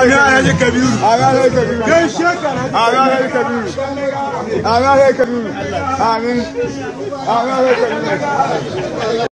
Alhaji Kabiru. Alhaji Kabiru. Kai shekara. Alhaji Kabiru. Alhaji Kabiru. Amin. Alhaji Kabiru.